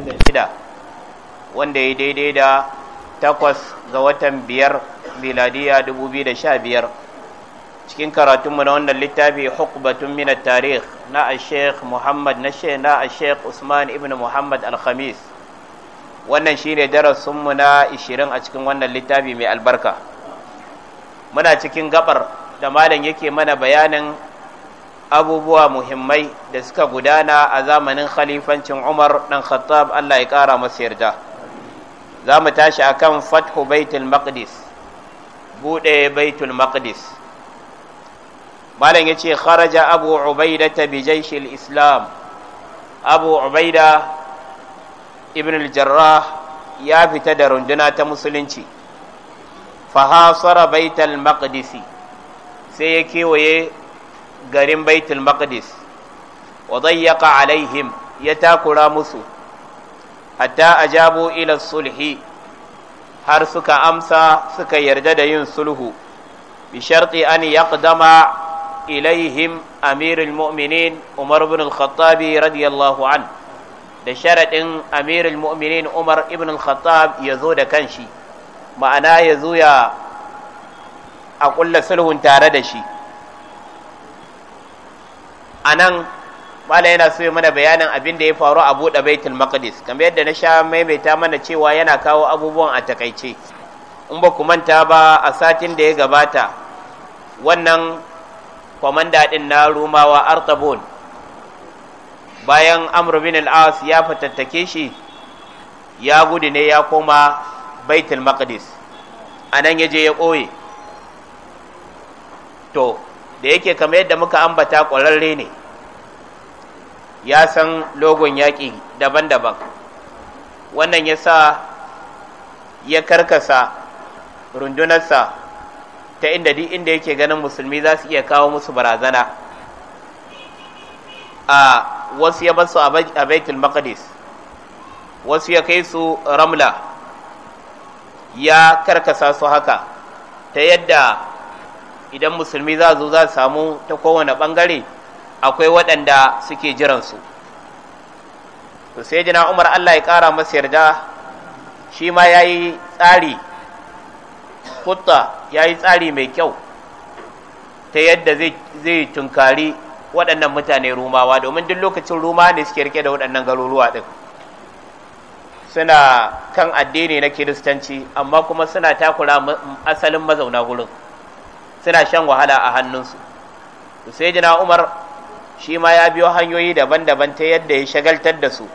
36 wanda ya daidai da takwas ga watan biyar miladiya 2015 cikin karatunmu na wannan littafi hukbatun minar tarih na a sheikh muhammad na na a sheikh usman ibn muhammad al-khamis wannan shine darasinmu na 20 a cikin wannan littafi mai albarka muna cikin gabar da malam yake mana bayanin abubuwa muhimmai da suka gudana a zamanin khalifancin Umar dan Khattab Allah ya kara masa yarda za mu tashi akan fathu baitul maqdis bude baitul maqdis malam yace kharaja abu ubaida bi jaishil islam abu ubaida ibn al-jarrah ya fita da runduna ta musulunci fahasara baitul maqdisi sai ya kewaye garin baitul maqdis wa dayyaqa alaihim ya takura musu hatta ajabu ila sulhi har suka amsa suka yarda da yin sulhu bi sharti an yaqdama ilaihim amirul mu'minin umar ibn al-khattab radiyallahu an da sharadin amirul mu'minin umar ibn al-khattab ya zo da kanshi ma'ana ya ya a kulla sulhun tare da shi A nan, Bala yana so mana bayanin abin da ya faru a buɗe baitul maqdis kamar yadda na sha maimaita mana cewa yana kawo abubuwan a takaice in ba ku manta ba a satin da ya gabata wannan kwamanda ɗin na rumawa artabon bayan amr bin al-as ya fatattake shi ya gudu ne ya koma baitul maqdis anan ya je ya ɓoye to da yake kamar yadda muka ambata ƙwararre ne ya san logon yaƙi daban-daban wannan ya sa ya karkasa rundunarsa ta inda duk inda yake ganin musulmi za su iya kawo musu barazana a wasu ya basu a baitul maqdis wasu ya kai su ramla ya karkasa su haka ta yadda idan musulmi za zo za su samu ta kowane bangare akwai waɗanda suke jiransu to sai jina umar allah ya ƙara masa yarda shi ma ya yi tsari kutta ya yi tsari mai kyau ta yadda zai tunkari waɗannan mutane rumawa domin duk lokacin ruma ne suke rike da waɗannan garuruwa ɗin suna kan addini na kiristanci amma kuma suna takura asalin mazauna gurin suna shan wahala a hannunsu to sai jina umar shi ma ya biyo hanyoyi daban-daban ta yadda ya shagaltar da su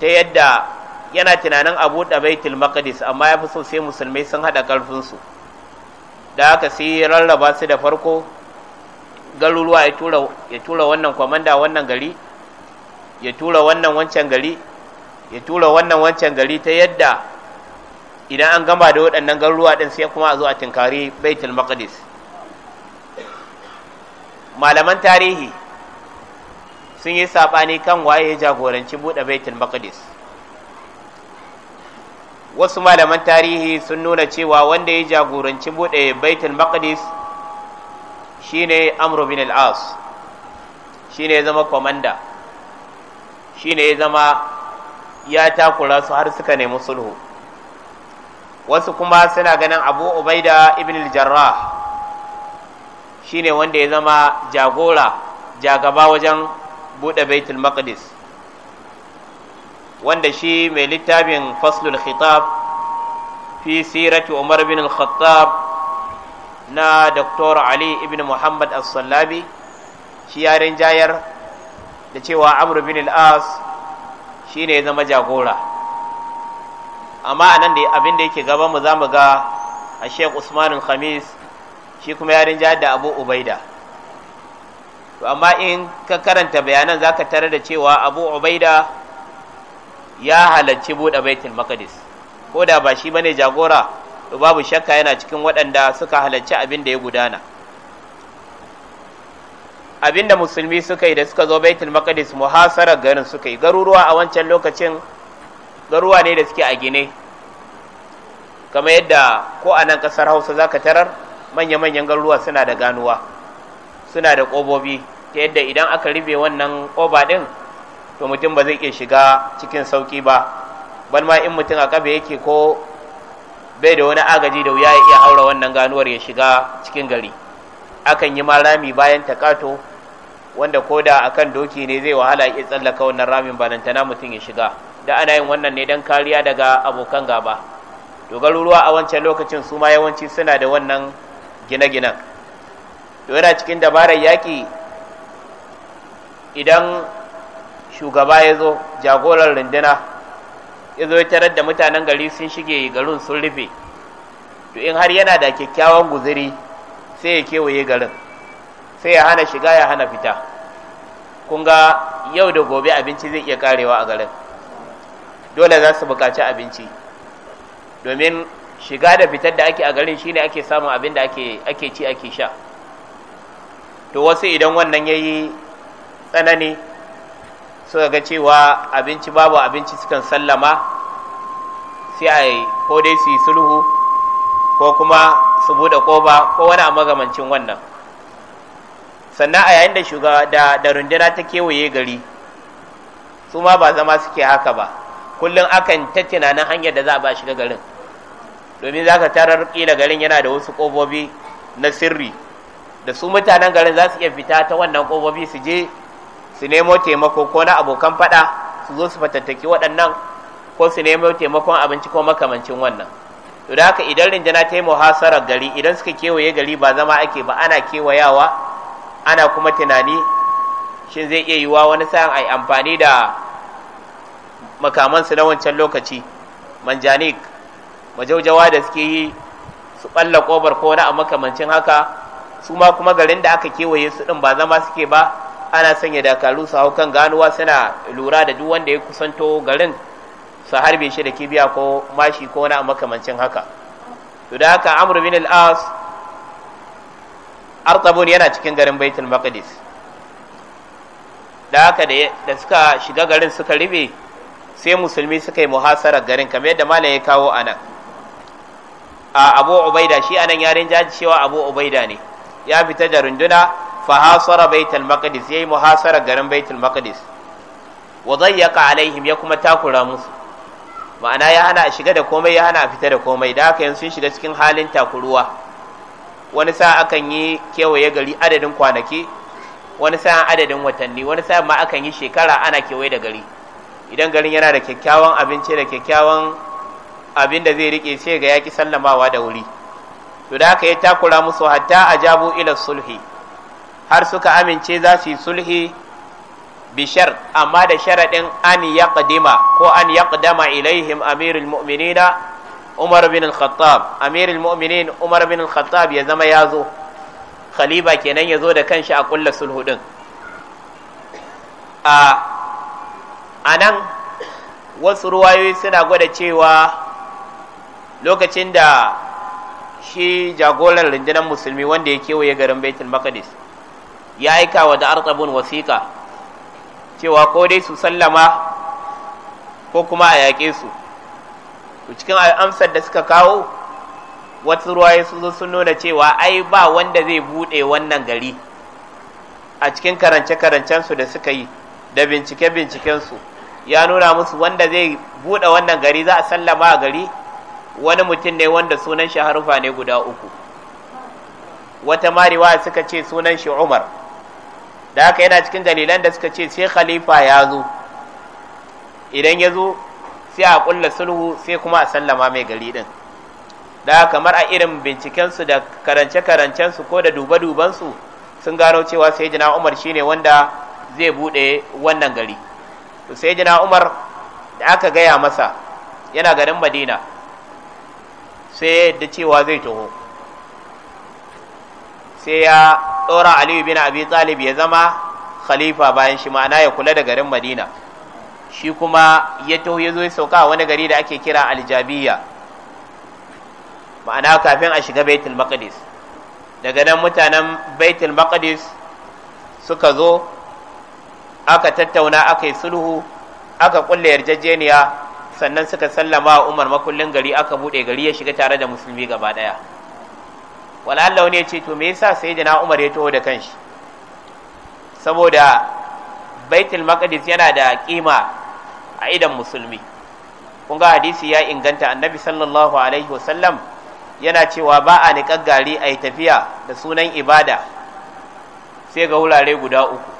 ta yadda yana tunanin abu da baitul maqdis amma ya fi so sai musulmai sun haɗa ƙarfinsu da haka sai ya rarraba su da farko garuruwa ya tura wannan kwamanda wannan gari ya tura wannan wancan gari ya tura wannan wancan gari ta yadda idan an gama da waɗannan garuruwa ɗin sai kuma a zo a tinkari baitul maqdis malaman tarihi sun yi saɓani kan waye ya jagoranci buɗe baitul maqdis wasu malaman tarihi sun nuna cewa wanda ya jagoranci buɗe baitul maqdis shine amru bin al-as shine ya zama komanda shine ya zama ya takura su har suka nemi sulhu wasu kuma suna ganin abu ubaida ibn al-jarrah shine wanda ya zama jagora jagaba wajen buɗe baitul maqdis wanda shi mai littafin faslul khitab fi sirati umar bin al-khattab na Dr. ali ibn muhammad as-sallabi shi yaren jayar da cewa amr bin al-as shine ya zama jagora amma a nan da abin da yake gaban mu za mu ga a sheikh usman khamis shi kuma ya rinja da abu ubaida to amma in ka karanta bayanan za ka tare da cewa abu ubaida ya halarci buɗe baitul maqdis ko da ba shi bane jagora to babu shakka yana cikin waɗanda suka halarci abin da ya gudana Abinda musulmi suka yi da suka zo baitul maqdis muhasarar garin suka yi garuruwa a wancan lokacin garuwa ne da suke a gine kamar yadda ko a nan kasar hausa za ka tarar manya-manyan garuwa suna da ganuwa suna da ƙobobi ta yadda idan aka ribe wannan ƙoba ɗin to mutum ba zai iya shiga cikin sauƙi ba ban ma in mutum a ƙabe yake ko bai da wani agaji da wuya ya iya haura wannan ganuwar ya shiga cikin gari akan yi ma rami bayan takato wanda ko da akan doki ne zai wahala ya tsallaka wannan ramin ba, balantana mutum ya shiga da ana yin wannan ne don kariya daga abokan gaba to garuruwa a wancan lokacin su ma yawanci suna da wannan gine-ginen to yana cikin dabarar yaƙi idan shugaba ya zo jagorar runduna ya zo tarar da mutanen gari sun shige garin sun rufe to in har yana da kyakkyawan guziri sai ya kewaye garin sai ya hana shiga ya hana fita kun ga yau da gobe abinci zai iya karewa a garin dole za su buƙaci abinci domin shiga da fitar da ake a garin shine ake samun abin da ake ci ake sha to wasu idan wannan ya yi tsanani suka ga cewa abinci babu abinci sukan sallama sai a yi ko dai su yi sulhu ko kuma su buɗe koba ko wani a magamancin wannan sannan a yayin da shugaba da runduna ta kewaye gari su ma ba zama suke haka ba kullum akan ta tunanin hanyar da za a ba shiga garin domin za ka tarar kila garin yana da wasu ƙofofi na sirri da su mutanen garin za su iya fita ta wannan ƙofofi su je su nemo taimako ko na abokan faɗa su zo su fatattaki waɗannan ko su nemo taimakon abinci ko makamancin wannan to da haka idan rinjana ta yi muhasarar gari idan suka kewaye gari ba zama ake ba ana kewayawa ana kuma tunani shin zai iya yiwuwa wani sa'in a yi amfani da makamansu na wancan lokaci manjanik majaujawa da suke yi su ɓalla kobar ko na a makamancin haka su ma kuma garin da aka kewaye su ɗin ba zama suke ba ana sanya dakaru su hau kan ganuwa suna lura da duk wanda ya kusanto garin su harbe shi da kibiya ko mashi ko na a makamancin haka to da haka amr bin al-as artabun yana cikin garin baitul maqdis da haka da suka shiga garin suka ribe sai musulmi suka yi muhasarar garin kamar yadda malam ya kawo a nan a abu ubaida shi anan yarin jaji cewa abu ubaida ne ya fita da runduna fahasara baitul maqdis yayi muhasarar garin baitul maqdis wa dayyaqa alaihim ya kuma takura musu ma'ana ya hana a shiga da komai ya hana a fita da komai da haka yanzu sun shiga cikin halin takuruwa wani sa akan yi kewaye gari adadin kwanaki wani sa adadin watanni wani sa ma akan yi shekara ana kewaye da gari idan garin yana da kyakkyawan abinci da kyakkyawan abin da zai rike sai ga yaki sallamawa da wuri to da aka yi takura musu hatta a jabu ila sulhi har suka amince za su yi sulhi bishar amma da sharaɗin an ya ko an ya ilaihim amirul mu'minina umar bin al-khattab amirul mu'minin umar bin al-khattab ya zama ya zo khalifa kenan ya zo da kanshi a kulla sulhu din a a nan wasu ruwayoyi suna gwada cewa lokacin da shi jagoran rundunar musulmi wanda ya kewaye garin baitul maqdis ya aika wa da artabun wasiƙa cewa ko dai su sallama ko kuma a yaƙe su to cikin amsar da suka kawo wasu ruwaye su zo sun nuna cewa ai ba wanda zai buɗe wannan gari a cikin karance-karancensu da suka yi da bincike-bincikensu ya nuna musu wanda zai buɗe wannan gari za a sallama a gari wani mutum ne wanda sunan shi harufa ne guda uku wata mariwa suka ce sunan shi umar da haka yana cikin dalilan da suka ce sai khalifa ya zo idan ya zo sai a ƙulla sulhu sai kuma a sallama mai gari din da kamar a irin bincikensu da karance-karancensu ko da dube-dubensu sun gano cewa sai jina umar shine wanda zai buɗe wannan gari to sai umar da aka gaya masa yana garin madina sai da cewa zai taho sai ya ɗora aliyu bin abi talib ya zama khalifa bayan shi ma'ana ya kula da garin madina shi kuma ya taho ya zo ya sauka wani gari da ake kira aljabiya ma'ana kafin a shiga baitul maqdis daga nan mutanen baitul maqdis suka zo aka tattauna aka yi sulhu aka kulle yarjejeniya sannan suka sallama wa umar makullin gari aka buɗe gari ya shiga tare da musulmi gaba ɗaya wala Allah ne ce to me yasa sayyidina umar ya taho da kanshi saboda baitul maqdis yana da kima a idan musulmi kun ga hadisi ya inganta annabi sallallahu alaihi wasallam yana cewa ba a niƙar gari a yi tafiya da sunan ibada sai ga wurare guda uku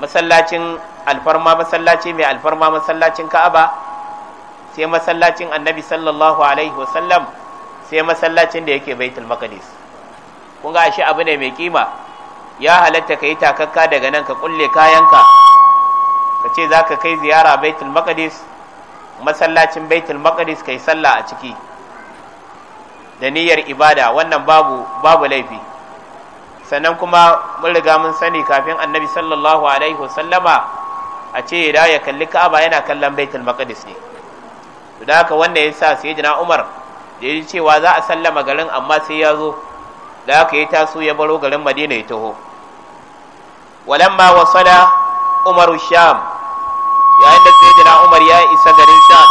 masallacin alfarma masallaci mai alfarma masallacin ka'aba sai masallacin annabi sallallahu alaihi wasallam sai masallacin da yake baitul maqdis kun ga ashe abu ne mai kima ya halatta ka yi takakka daga nan ka kulle kayanka ka ce za ka kai ziyara baitul maqdis masallacin baitul maqdis kai sallah a ciki da niyyar ibada wannan babu babu laifi sannan kuma mun riga mun sani kafin annabi sallallahu alaihi wasallama a ce da ya kalli ka'aba yana kallon baitul maqdis ne to da haka wannan ya sa jina umar da ya cewa za a sallama garin amma sai ya zo da haka ya taso ya baro garin madina ya taho walamma wasala umaru sham yayin da jina umar ya isa garin sham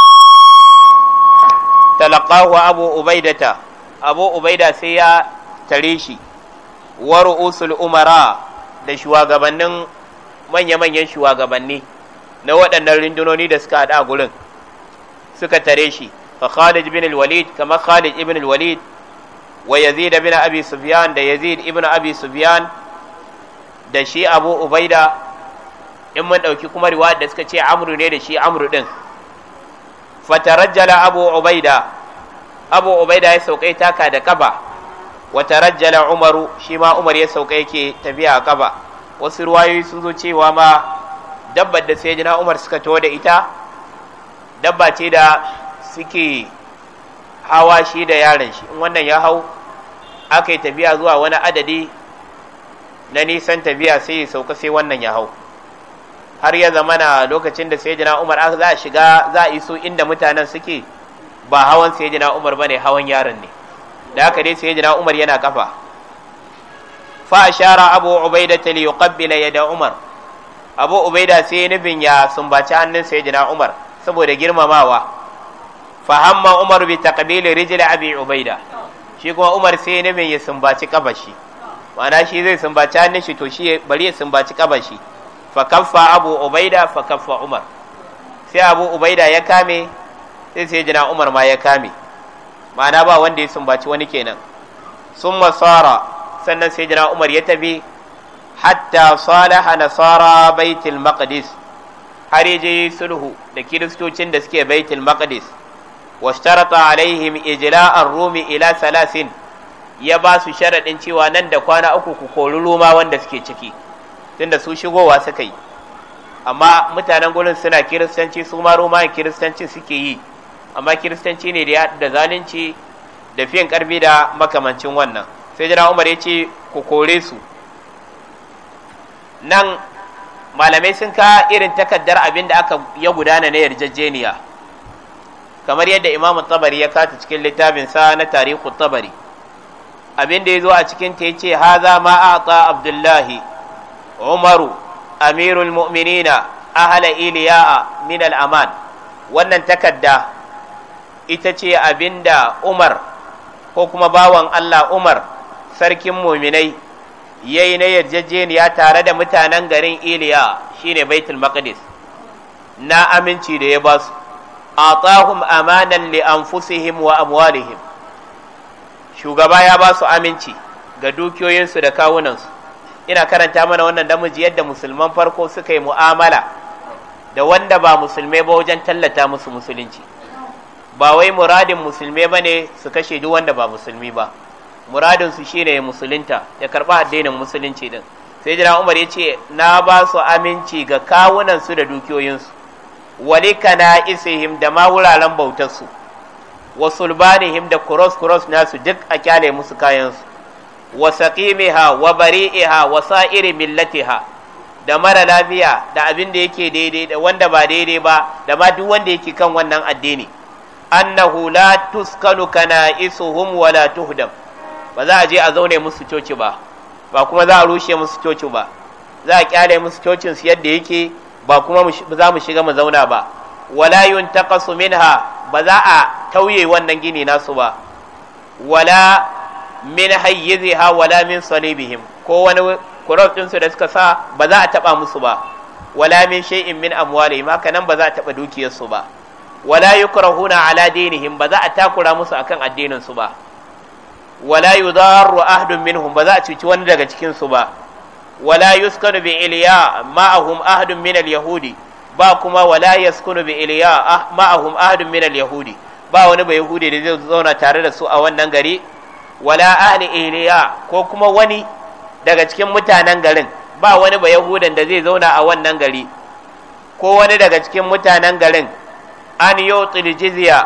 talaqahu abu ubaidata abu ubaida sai ya tare shi wa ru'usul umara da shugabannin manya-manyan shugabanni na waɗannan rindunoni da suka haɗa gurin suka tare shi fa Khalid ibn al-Walid kamar Khalid ibn al-Walid wa Yazid bin Abi Sufyan da Yazid ibn Abi Sufyan da shi Abu Ubaida in mun dauki kuma riwayar da suka ce Amru ne da shi Amru din tarajjala Abu Ubaida Abu Ubaida ya sauƙaita ka da kaba wata rajjala umaru shi ma umar ya sauka yake tafiya a kaba wasu ruwayoyi sun zo cewa ma dabba da sai umar suka to da ita dabba ce da suke hawa shi da yaron shi in wannan ya hau aka yi tafiya zuwa wani adadi na nisan tafiya sai sauka sai wannan ya hau har ya zama na lokacin da sayyidina Umar za a shiga za a iso inda mutanen suke ba hawan sayyidina Umar ba ne, hawan yaron ne da haka dai jina Umar yana kafa fa ashara Abu Ubaida li yuqabbila yada Umar Abu Ubaida sai ya nufin ya sumbaci hannun jina Umar saboda girmamawa fa hamma Umar bi taqbil rijl Abi Ubaida shi kuma Umar sai ya nufin ya sumbaci kafashi ma'ana shi zai sumbaci hannun shi to shi bari ya sumbaci kafashi fa kaffa Abu Ubaida fa kaffa Umar sai Abu Ubaida ya kame sai sai jina Umar ma ya kame ma'ana ba wanda ya sumbaci wani kenan sun masara sannan sai jira umar ya tafi hatta salaha nasara baitul maqdis har je sulhu da kiristocin da suke baitul maqdis washtarata alaihim ijla'ar rumi ila salasin ya ba su sharaɗin cewa nan da kwana uku ku kori roma wanda suke ciki tunda su shigowa suka yi amma mutanen gurin suna kiristanci su ma romayan kiristanci suke yi amma kiristanci ne da zalunci da fiyan karfi da makamancin wannan sai jira umar ya ce ku kore su nan malamai sun ka irin takaddar abin da aka ya gudana na yarjejeniya kamar yadda imamu tabari ya kata cikin littafinsa na tarihu tabari abin da ya zo a cikin ta ce haza ma a ta abdullahi umaru amirul mu'minina ahala iliya'a min al-aman wannan takadda ita ce abin da Umar ko kuma bawan Allah Umar sarkin muminai yayi na yarjejeniya tare da mutanen garin Iliya shine Baitul Maqdis na aminci da ya basu atahum amanan li anfusihim wa amwalihim shugaba ya basu aminci ga dukiyoyinsu da kawunansu ina karanta mana wannan damuji yadda musulman farko suka yi mu'amala da wanda ba musulmai ba wajen tallata musu musulunci ba wai muradin musulmi ba ne su kashe duk wanda ba musulmi ba muradin su shine musulunta ya karba addinin musulunci din sai jira umar ya ce na ba su aminci ga kawunan su da dukiyoyinsu walika na isihim da ma wuraren su. wa sulbanihim da cross kuros nasu duk a kyale musu kayansu wa saqimiha wa bari'iha wa sa'iri millatiha da mara lafiya da abin da yake daidai da wanda ba daidai ba da ma duk wanda yake kan wannan addini annahu la kana isuhum wala tuhdam ba za a je a zaune musu coci ba ba kuma za a rushe musu coci ba za a kyale musu cocin su yadda yake ba kuma za mu shiga mu zauna ba wala yuntaqasu minha ba za a tauye wannan gini nasu ba wala min hayyiziha wala min salibihim ko wani kurafin ɗinsu su da suka sa ba za a taba musu ba wala min shay'in min amwalihim haka nan ba za a taba dukiyarsu ba wala yukrahuna ala dinihim ba za a takura musu akan addinin su ba wala yudarru ahdun minhum ba za a cuci wani daga cikin su ba wala yuskanu bi iliya ma'ahum ahdun min al-yahudi ba kuma wala yaskunu bi iliya ah, ma'ahum ahdun min al-yahudi ba wani bai yahudi da zai zauna tare da su a wannan gari wala ahli iliya ko kuma wani daga cikin mutanen garin ba wani bai yahudan da zai zauna a wannan gari ko wani daga cikin mutanen garin an yutil jizya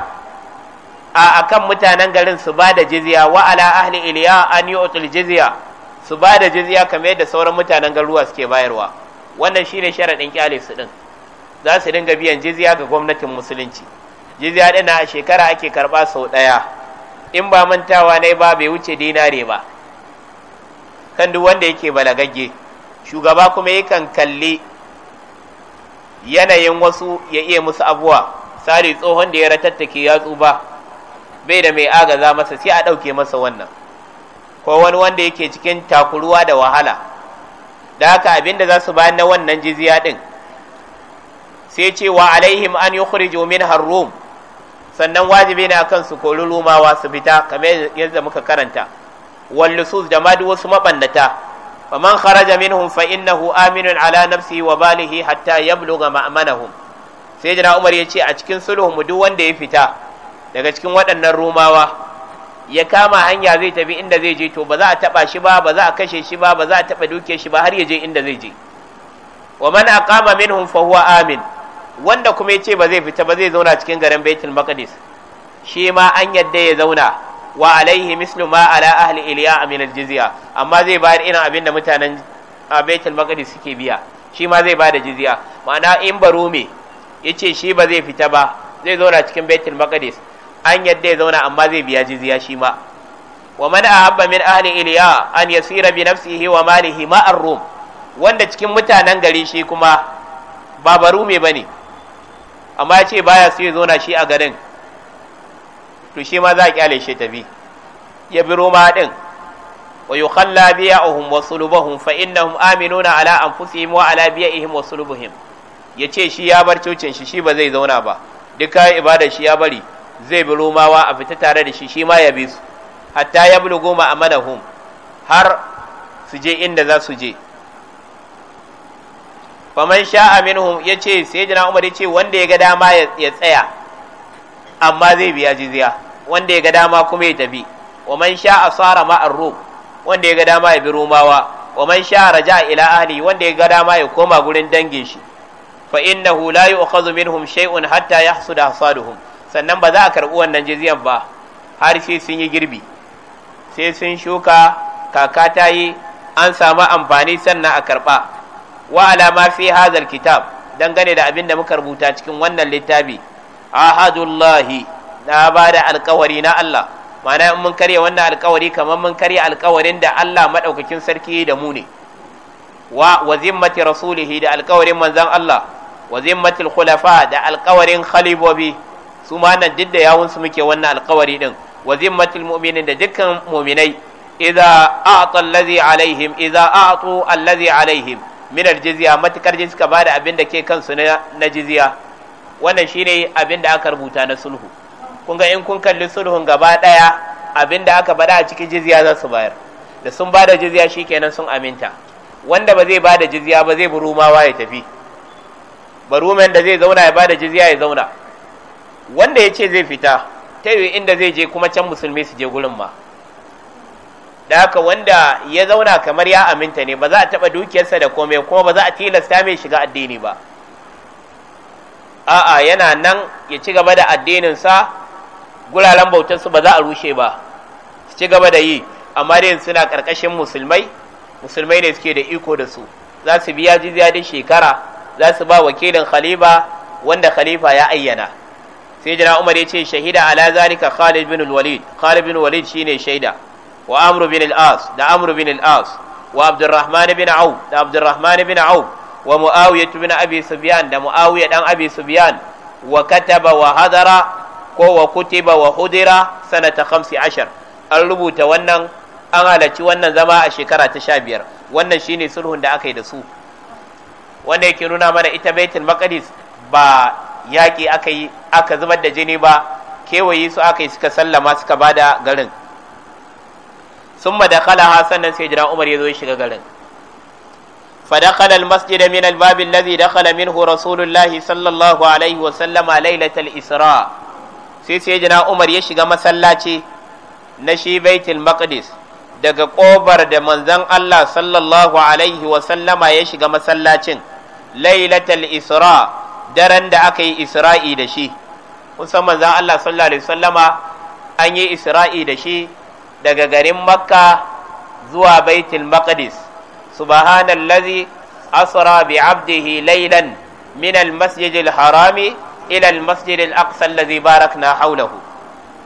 a akan mutanen garin su ba da jizya wa ala ahli iliya an yutil jizya su ba da jizya kamar yadda sauran mutanen garuwa suke bayarwa wannan shi ne sharaɗin kyale su ɗin. za su dinga biyan jizya ga gwamnatin musulunci jizya ɗina a shekara ake karɓa sau ɗaya. in ba mantawa ne ba bai wuce dinare ba kan duk wanda yake balagagge shugaba kuma yakan kalli yanayin wasu ya iya musu abuwa misali tsohon da ya ratattake yatsu ba, bai da mai agaza masa sai a ɗauke masa wannan ko wani wanda yake cikin takuruwa da wahala da haka abin da za su bayan na wannan jiziya ɗin sai ce wa alaihim an yi khurijo min harrum sannan wajibi ne akan su kori rumawa su fita kamar yadda muka karanta wallusus da ma wasu mabannata faman kharaja minhum fa innahu aminun ala nafsi wa balihi hatta yabluga ma'manahum sai jana umar ya ce a cikin sulhu duk wanda ya fita daga cikin waɗannan rumawa ya kama hanya zai tafi inda zai je to ba za a taɓa shi ba ba za a kashe shi ba ba za a taɓa duke shi ba har ya je inda zai je wa man aqama minhum fa huwa amin wanda kuma ya ce ba zai fita ba zai zauna cikin garin baitul maqdis shi ma an yadda ya zauna wa alaihi mislu ma ala ahli iliya min aljizya amma zai bayar irin abin da mutanen baitul maqdis suke biya shi ma zai bada jizya ma'ana in barume ya ce shi ba zai fita ba zai zauna cikin baitul maqdis an yadda ya zauna amma zai biya jizya shi ma wa man ahabba min ahli iliya an yasira bi nafsihi wa malihi ma ar-rum wanda cikin mutanen gari shi kuma ba barume bane amma ya ce baya so ya zauna shi a garin to shi ma za a kyale shi tabi ya bi roma din wa yukhalla biya'uhum wa sulubahum fa innahum aminuna ala anfusihim wa ala biya'ihim wa sulubihim ya ce shi ya bar cocin shi shi ba zai zauna ba duk kayan ibadar shi ya bari zai bi romawa a fita tare da shi shi ma ya bi su hatta ya bulu goma a manahum har su je inda za su je faman sha aminhum ya ce sai jina umar ya ce wanda ya ga dama ya tsaya amma zai biya jizya wanda ya ga dama kuma ya tafi wa man sha asara ma arru wanda ya ga dama ya bi romawa wa man sha raja ila ahli wanda ya ga dama ya koma gurin dangin shi fa innahu la yu'khadhu minhum shay'un hatta da hasaduhum sannan ba za a karɓi wannan jiziyan ba har sai sun yi girbi sai sun shuka kaka ta yi an samu amfani sannan a karɓa. Wa'ala alama fi hadhal kitab dangane da abin da muka rubuta cikin wannan littafi ahadullahi na ba da alkawari na Allah Mana in mun karya wannan alkawari kamar mun karya alkawarin da Allah maɗaukacin sarki da mu ne wa wa rasulihi da alkawarin manzon Allah wa khulafa da alkawarin Khalifobi, su ma nan duk da yawun su muke wannan alkawari din wa zimmati mu'minin da dukkan mu'minai idza a'ta allazi alaihim idza a'tu allazi alaihim min aljizya matakar jin suka bada abin da ke kansu na jizya wannan shine abin da aka rubuta na sulhu kun ga in kun kalli sulhun gaba daya abin da aka bada a cikin jizya za su bayar da sun bada jizya shikenan sun aminta wanda ba zai bada jizya ba zai bi rumawa ya tafi barumen da zai zauna ya bada jizya ya zauna wanda ya ce zai fita ta yi inda zai je kuma can musulmi su je gurin ma da haka wanda ya zauna kamar ya aminta ne ba za a taɓa dukiyarsa da komai kuma ba za a tilasta mai shiga addini ba a'a yana nan ya ci gaba da addininsa guraren bautarsu ba za a rushe ba su ci gaba da yi amma dai suna ƙarƙashin musulmai musulmai ne suke da iko da su za su biya jizya duk shekara za su ba wakilin khalifa wanda khalifa ya ayyana sai jira umar ya ce shahida ala zalika khalid bin walid khalid bin walid shine shaida wa amru bin al-as da amru bin al-as wa abdurrahman bin au da abdurrahman bin au wa muawiya bin abi sufyan da muawiya dan abi sufyan wa kataba wa hadara ko wa kutiba wa hudira sanata 15 an rubuta wannan an halarci wannan zama a shekara ta sha biyar wannan shine sulhun da aka yi da su wanda yake nuna mana ita baitul maqdis ba yaƙi aka yi aka zubar da jini ba kewaye su aka yi suka sallama suka bada garin sun madakala sannan sai jira umar ya zo ya shiga garin فدخل المسجد من الباب الذي دخل منه رسول الله صلى الله عليه وسلم ليلة الإسراء sai sai umar ya shiga masallaci na shi daga ƙobar da manzon Allah sallallahu alaihi wasallama ya shiga masallacin lailatul isra daren da aka yi isra'i da shi kusan manzon Allah sallallahu alaihi wasallama an yi isra'i da shi daga garin makka zuwa baitul maqdis subhanallazi asra bi abdihi laylan min almasjidil harami ila almasjidil aqsa allazi barakna hawlahu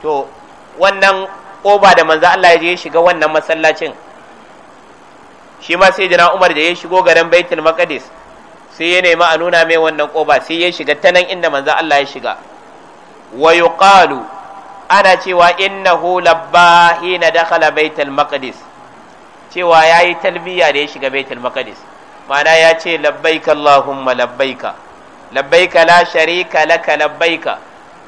to wannan Ƙoba da manzo Allah ya je ya shiga wannan masallacin shi ma sai jina Umar da ya shigo garin Baitul Maqdis sai ya nemi a nuna mai wannan ƙoba. sai ya shiga ta nan inda manzo Allah ya shiga wa yuqalu ana cewa innahu labba hina dakhala Baitul Maqdis cewa yayi talbiya da ya shiga Baitul Maqdis ma'ana ya ce labbaika Allahumma labbaika labbaika la sharika laka labbaika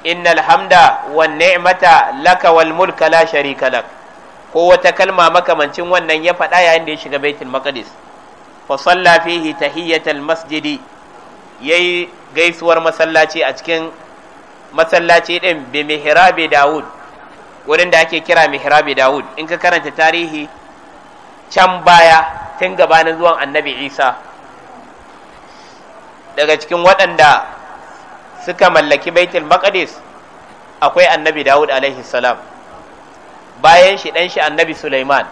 Inna hamda wanne ni'mata laka wal mulka la sharika lak ko wata kalma makamancin wannan ya faɗa yayin da ya shiga baitul maqdis fa salla fihi tahiyatal masjidi yayi gaisuwar masallaci a cikin masallaci din bi mihrabi daud wurin da ake kira mihrabi daud in ka karanta tarihi can baya tun gabanin zuwan annabi isa daga cikin waɗanda suka mallaki baitul maqdis akwai annabi dawud alaihi salam bayan shi dan shi annabi sulaiman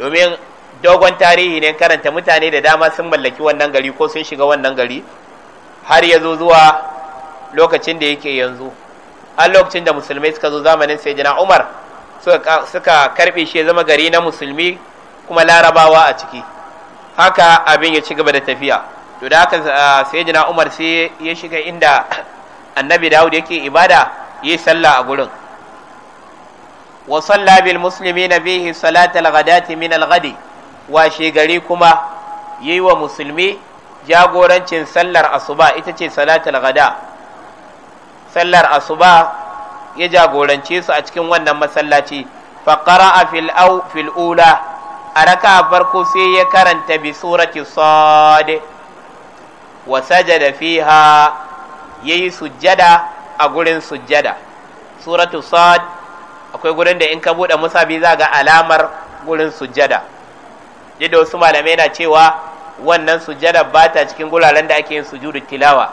domin dogon tarihi ne karanta mutane da dama sun mallaki wannan gari ko sun shiga wannan gari har ya zo zuwa lokacin da yake yanzu har lokacin da musulmai suka zo zamanin sayyidina umar suka karbe shi zama gari na musulmi kuma larabawa a ciki haka abin ya ci gaba da tafiya to da haka ah, sayyidina Umar sai ya shiga inda annabi Dawud yake ibada yi sallah a gurin wa salla bil muslimina bihi salatal ghadati min al ghadi wa shegari kuma yayi wa musulmi jagorancin sallar asuba ita ce ghada sallar asuba ya jagorance su a cikin wannan masallaci faqara fil au fil ula a raka farko sai ya karanta bi surati sad wa sajada fiha yayi sujjada a gurin sujjada suratu sad akwai gurin da in ka bude musabi za ga alamar gurin sujjada yadda wasu malamai na cewa wannan sujjada ba ta cikin guraren da ake yin sujudu tilawa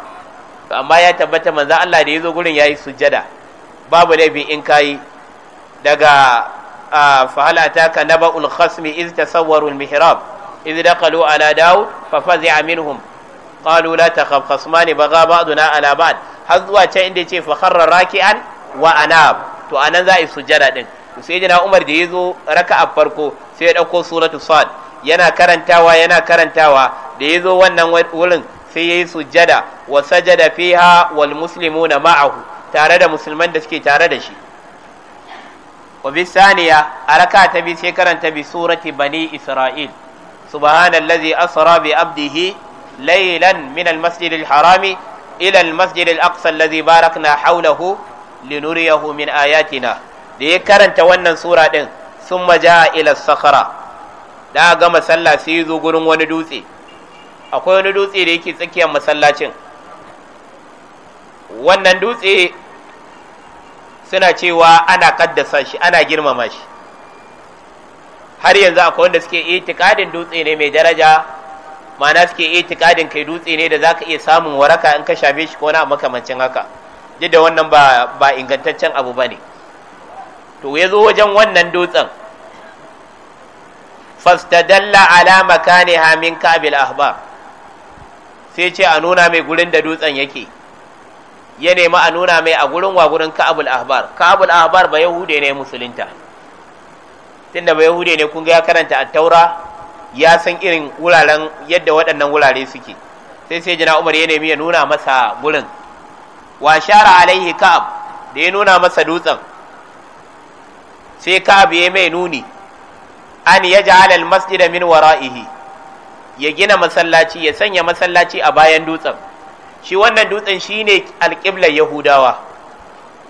to amma ya tabbata manzo Allah da yazo gurin yayi sujjada babu laifin in kayi daga fahala ta ka naba'ul khasmi iz tasawwaru al-mihrab iz daqalu ala daud fa faz'a minhum qalu la takhaf khasmani baga ba'duna ala ba'd har zuwa can inda ce fa raki'an wa anab to anan za a yi sujada din to na Umar da yazo raka'a farko sai ya dauko suratu sad yana karantawa yana karantawa da yazo wannan wurin sai yayi sujada wa sajada fiha wal muslimuna ma'ahu tare da musulman da suke tare da shi wa bisaniya a raka ta bi sai karanta bi surati bani isra'il subhanallazi asra bi abdihi laylan min Masjidin harami ila al-masjid al-aqsa na barakna hawlahu linuriyahu min ayatina da ya karanta wannan sura din summa jaa ila as-sakhara da gama sallah sai zo gurin wani dutse akwai wani dutse da yake tsakiyar masallacin wannan dutse suna cewa ana kaddasa shi ana girmama shi har yanzu akwai wanda suke itikadin dutse ne mai daraja ma'ana suke itikadin kai dutse ne da za ka iya samun waraka in ka shafe shi ko na makamancin haka duk da wannan ba ingantaccen abu ba ne. to ya zo wajen wannan dutsen fastadalla ala makaniha hamin kabil ahbar sai ce a nuna mai gurin da dutsen yake ya nemi a nuna mai a gurin wa gurin ka'abul ahbar ka'abul ahbar ba yahude ne musulunta tunda ba yahude ne kun ga ya karanta a taura ya san irin wuraren yadda waɗannan wurare suke sai sai jina umar ya nemi ya nuna masa gurin wa shara alaihi ka'ab da ya nuna masa dutsen sai ka'ab ya mai nuni an ya ja'ala al-masjida min wara'ihi ya gina masallaci ya sanya masallaci a bayan dutsen shi wannan dutsen shi ne alƙiblar yahudawa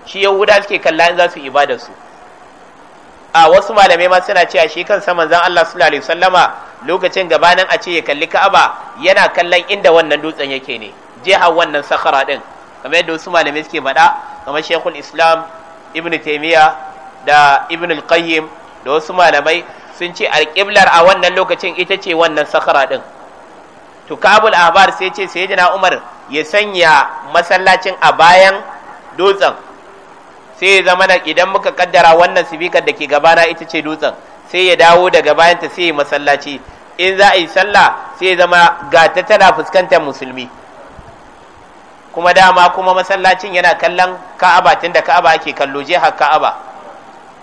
shi yahudawa suke kalla in za su ibadarsu. su a wasu malamai ma suna cewa shi kan saman zan Allah sallallahu alaihi wasallama lokacin gabanin a ce ya kalli Ka'aba yana kallon inda wannan dutsen yake ne jihar wannan sakara din kamar yadda wasu malamai suke faɗa kamar Sheikhul Islam Ibn Taymiyyah da Ibn Al-Qayyim da wasu malamai sun ce alƙiblar a wannan lokacin ita ce wannan sahara din to Kabul Ahbar sai ce sayyidina Umar ya sanya masallacin a bayan dutsen sai ya zama idan muka kaddara wannan sifikar da ke gabana ita ce dutsen sai ya dawo daga bayanta sai ya masallaci in za a yi sallah sai ya zama gata tana fuskantar musulmi kuma dama kuma masallacin yana kallon ka'aba tun da ka'aba ake kallo je har ka'aba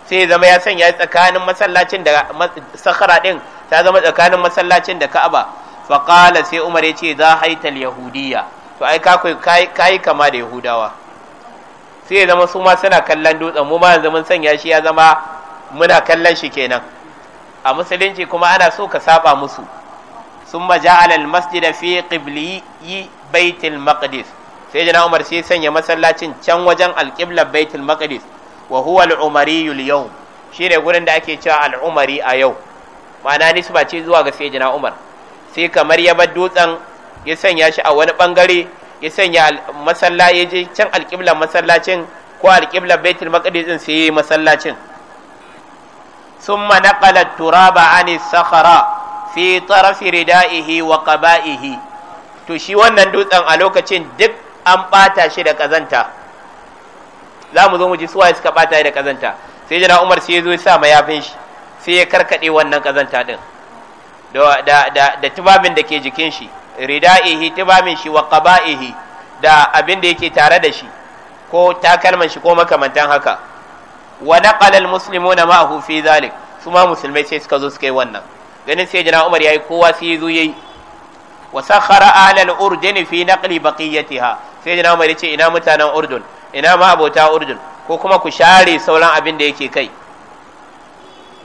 sai ya zama ya sanya tsakanin masallacin da sakara din ta zama tsakanin masallacin da ka'aba qala sai umar ya ce za haital yahudiyya to ai kai kai kama da yahudawa sai ya zama su ma suna kallon dutsen mu ma yanzu mun sanya shi ya zama muna kallon shi kenan a musulunci kuma ana so ka saba musu sun maja'al al-masjid fi qibli baitul maqdis sai jana umar sai sanya masallacin can wajen alqibla baitul maqdis wa huwa al-umari al-yawm shine gurin da ake cewa al-umari a yau ma'ana nisba ce zuwa ga sai jana umar sai kamar ya bar dutsen ya sanya shi a wani bangare ya sanya masalla ya je can alƙiblar masallacin ko alƙiblar baitul maqdis din sai masallacin summa naqala turaba ani sakhara fi tarafi ridaihi wa qaba'ihi to shi wannan dutsen a lokacin duk an bata shi da kazanta za mu zo mu ji suwaye suka bata da kazanta sai jira umar sai ya zo sa yafin shi sai ya karkade wannan kazanta din da da, da tubabin da ke jikin shi rida'ihi tibamin shi wa qaba'ihi da abin da yake tare da shi ko takalman shi ko makamantan haka wa naqala almuslimuna ma'ahu fi zalik su ma musulmai sai suka zo suka yi wannan ganin sai jina Umar yayi kowa sai zo yayi wa sakhara ala al-urdun fi naqli baqiyatiha sai jina Umar yace ina mutanen Urdun ina ma abota Urdun ko kuma ku share sauran abin da yake kai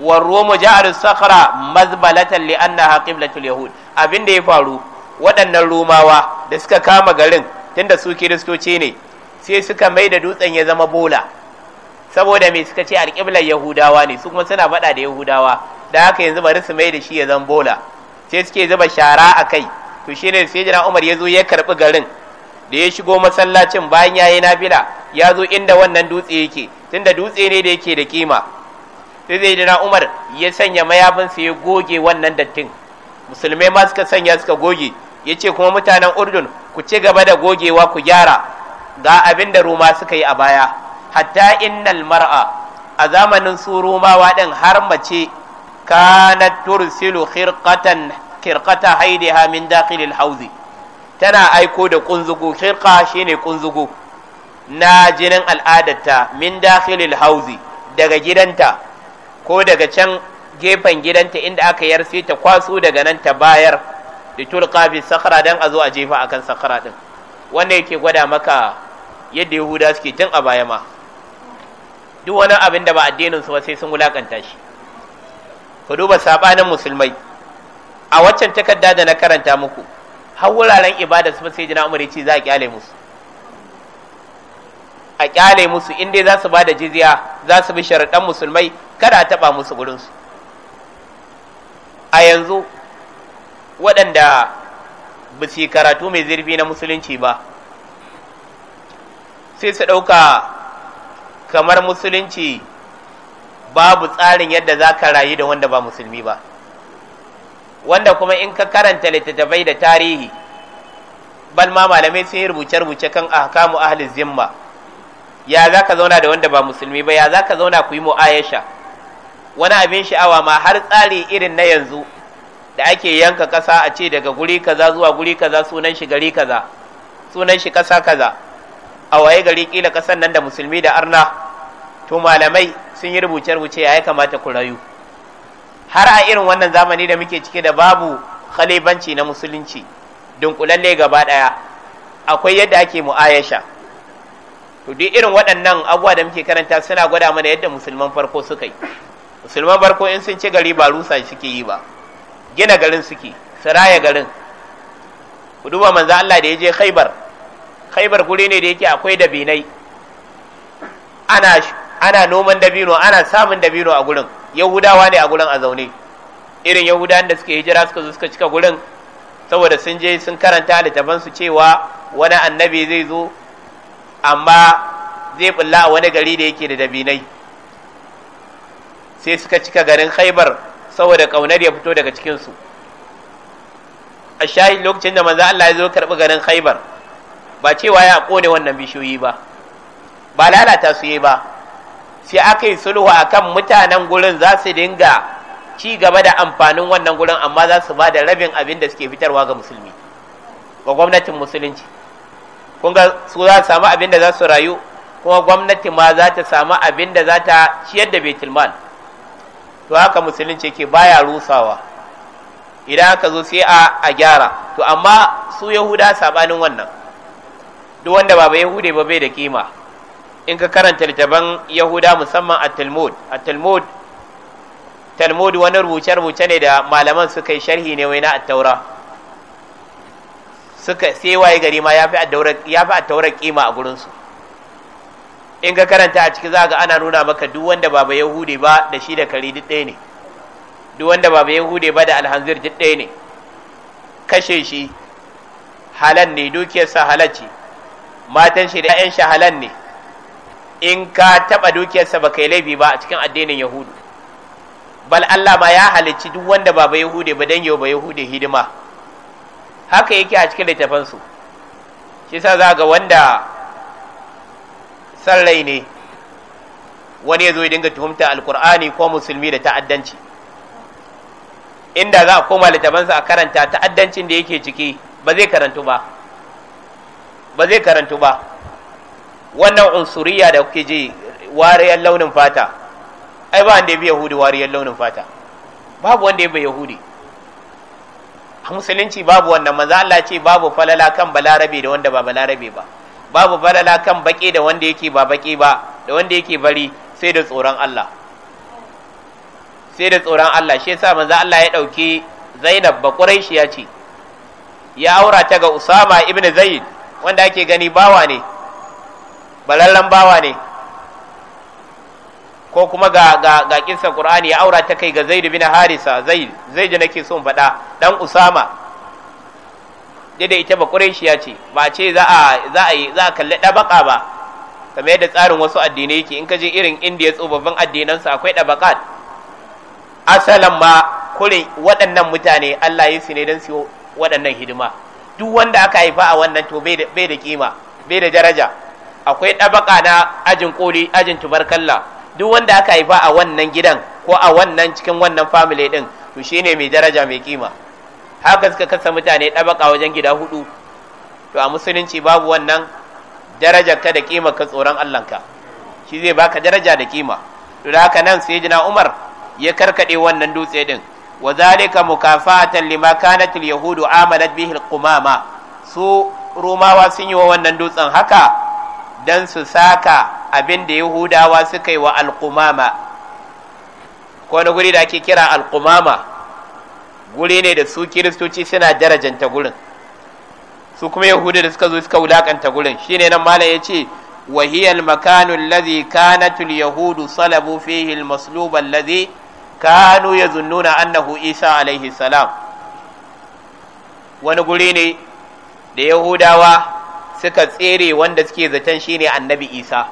wa rumu ja'al sakhara mazbalatan li annaha qiblatul yahud abin da ya faru waɗannan rumawa da suka kama garin tunda su kiristoci ne sai suka mai da dutsen ya zama bola saboda mai suka ce alƙiblar yahudawa ne su kuma suna faɗa da yahudawa da haka yanzu bari su mai da shi ya zama bola sai suke zuba shara a kai to shine sai jira umar ya zo ya karɓi garin da ya shigo masallacin bayan ya yi nafila ya zo inda wannan dutse yake tunda dutse ne da yake da kima sai zai jira umar ya sanya mayafinsa ya goge wannan dattin musulmai ma suka sanya suka goge ya ce kuma mutanen urdun ku ci gaba da gogewa ku gyara ga abin da ruma suka yi a baya hatta innal mar'a a zamanin su rumawa ɗin har mace kana tursilu khirqatan khirqata haidiha min dakhilil hauzi tana aiko da kunzugu khirqa shine kunzugu na jinin al'adarta min dakhilil hauzi daga gidanta ko daga can gefen gidanta inda aka yar sai ta kwaso daga nan ta bayar da tulqa bi sakhara dan a zo a jefa akan sakhara din wannan yake gwada maka yadda yahuda suke tun a baya ma duk wani abin da ba addinin su ba sai sun wulakanta shi ku duba sabanin musulmai a waccan takarda da na karanta muku har wuraren ibada su sai jina umar za a kyale musu a kyale musu in dai za su ba da jizya za su bi sharaɗan musulmai kada a taɓa musu gurinsu a yanzu waɗanda ba su karatu mai zurfi na musulunci ba sai su ɗauka kamar musulunci babu tsarin yadda za ka rayu da wanda ba musulmi ba wanda kuma in ka karanta littattafai da tarihi bal ma malamai sun yi rubuce-rubuce kan a ahli zimma ya za ka zauna da wanda ba musulmi ba ya za ka zauna ku yi mu'ayasha wani abin sha'awa ma har tsari irin na yanzu da ake yanka ƙasa a ce daga guri kaza zuwa guri kaza sunan shi gari kaza sunan shi ƙasa kaza a waye gari kila ƙasan nan da musulmi da arna to malamai sun yi rubuce rubuce ya kamata ku rayu har a irin wannan zamani da muke cike da babu khalibanci na musulunci dunkulalle gaba ɗaya akwai yadda ake mu'ayasha to duk irin waɗannan abubuwa da muke karanta suna gwada mana yadda musulman farko suka yi musulman barko in sun ci gari ba rusa suke yi ba gina garin suke siraya garin ku duba manzo Allah da ya je Khaibar Khaibar guri ne da yake akwai dabinai ana ana noman dabino ana samun dabino a gurin Yahudawa ne a gurin a zaune irin Yahudawan da suke hijira suka zo suka cika gurin saboda sun je sun karanta littafan su cewa wani annabi zai zo amma zai bulla a wani gari da yake da dabinai sai suka cika garin khaibar saboda kaunar ya fito daga cikinsu a shahi lokacin da manzo Allah ya zo karɓi garin khaibar ba cewa ya kone wannan bishiyoyi ba ba lalata su yi ba sai aka yi sulhu akan mutanen gurin za su dinga ci gaba da amfanin wannan gurin amma za su ba da rabin abin da suke fitarwa ga musulmi ga gwamnatin musulunci kun ga su za su samu abin da za su rayu kuma gwamnati ma za ta samu abin da za ta ciyar da baitulmal to haka musulunci ke baya rusawa idan aka zo sai a a gyara to amma su yahuda sabanin wannan duk wanda ba yahude ba bai da kima in ka karanta littafan yahuda musamman a talmud a talmud talmud wani rubuce-rubuce ne da malaman suka yi sharhi ne wai na attaura suka sai waye gari ma ya fi attaura kima a gurinsu in ka karanta a ciki za ga ana nuna maka duk wanda ba ba yahude ba da shi da kare duk ɗaya ne duk wanda ba ba yahude ba da alhanzir duk ɗaya ne kashe shi halan ne dukiyarsa halacci matan shi da 'ya'yan shi halan ne in ka taɓa dukiyarsa ba kai laifi ba a cikin addinin yahudu bal Allah ma ya halicci duk wanda ba ba yahude ba dan yau ba yahude hidima haka yake a cikin littafansu shi sa za ga wanda sallai ne wani ya zo ya dinga tuhumta alkur'ani ko musulmi da ta'addanci inda za a koma littafansa a karanta ta'addancin da yake ciki ba zai karantu ba ba zai karantu ba wannan unsuriya da kuke ji wariyar launin fata ai ba wanda ya bi yahudi wariyar launin fata babu wanda ya bi yahudi a musulunci babu wannan maza Allah ce babu falala kan balarabe da wanda ba balarabe ba babu balala kan baƙi da wanda yake ba baƙi ba da wanda yake bari sai da tsoron Allah sai da tsoron Allah shi yasa manzo Allah ya ɗauki Zainab ba ya ce ya aura ta ga Usama ibn Zaid wanda ake gani bawa ne balallan bawa ne ko kuma ga ga ga kinsa Qur'ani ya aura ta kai ga Zaid bin Harisa Zaid Zaid nake son faɗa dan Usama da ita ba ƙureshiya ce ba ce za a za a yi za a kalli ɗabaka ba kamar yadda tsarin wasu addinai yake in ka je irin indiya tsofaffin addinansu akwai ɗabaka. asalan ma kure waɗannan mutane allah ya su ne don su waɗannan hidima duk wanda aka haifa a wannan to bai da kima bai da daraja akwai ɗabaka na ajin koli ajin tubarkalla duk wanda aka haifa a wannan gidan ko a wannan cikin wannan family ɗin to shine mai daraja mai kima haka suka kasa mutane ɗabaka wajen gida hudu to a musulunci babu wannan daraja ka da kima ka tsoron ka, shi zai baka daraja da kima to da haka nan sai jina Umar ya karkade wannan dutse din wa zalika mukafatan lima kanat al yahudu amalat bihi al qumama su Rumawa sun yi wa wannan dutsen haka dan su saka abin da yahudawa suka yi wa al qumama ko na guri da ake kira al qumama guri ne da su kiristoci suna ta gurin su kuma yahudu da suka zo suka wulakanta gurin shine nan malam ya ce wahiyal makanun lazi kanatul yahudu salabu fihi masluban lazi kanu yazunnuna annahu isa alaihi salam wani guri ne da yahudawa suka tsere wanda suke zaton shine annabi isa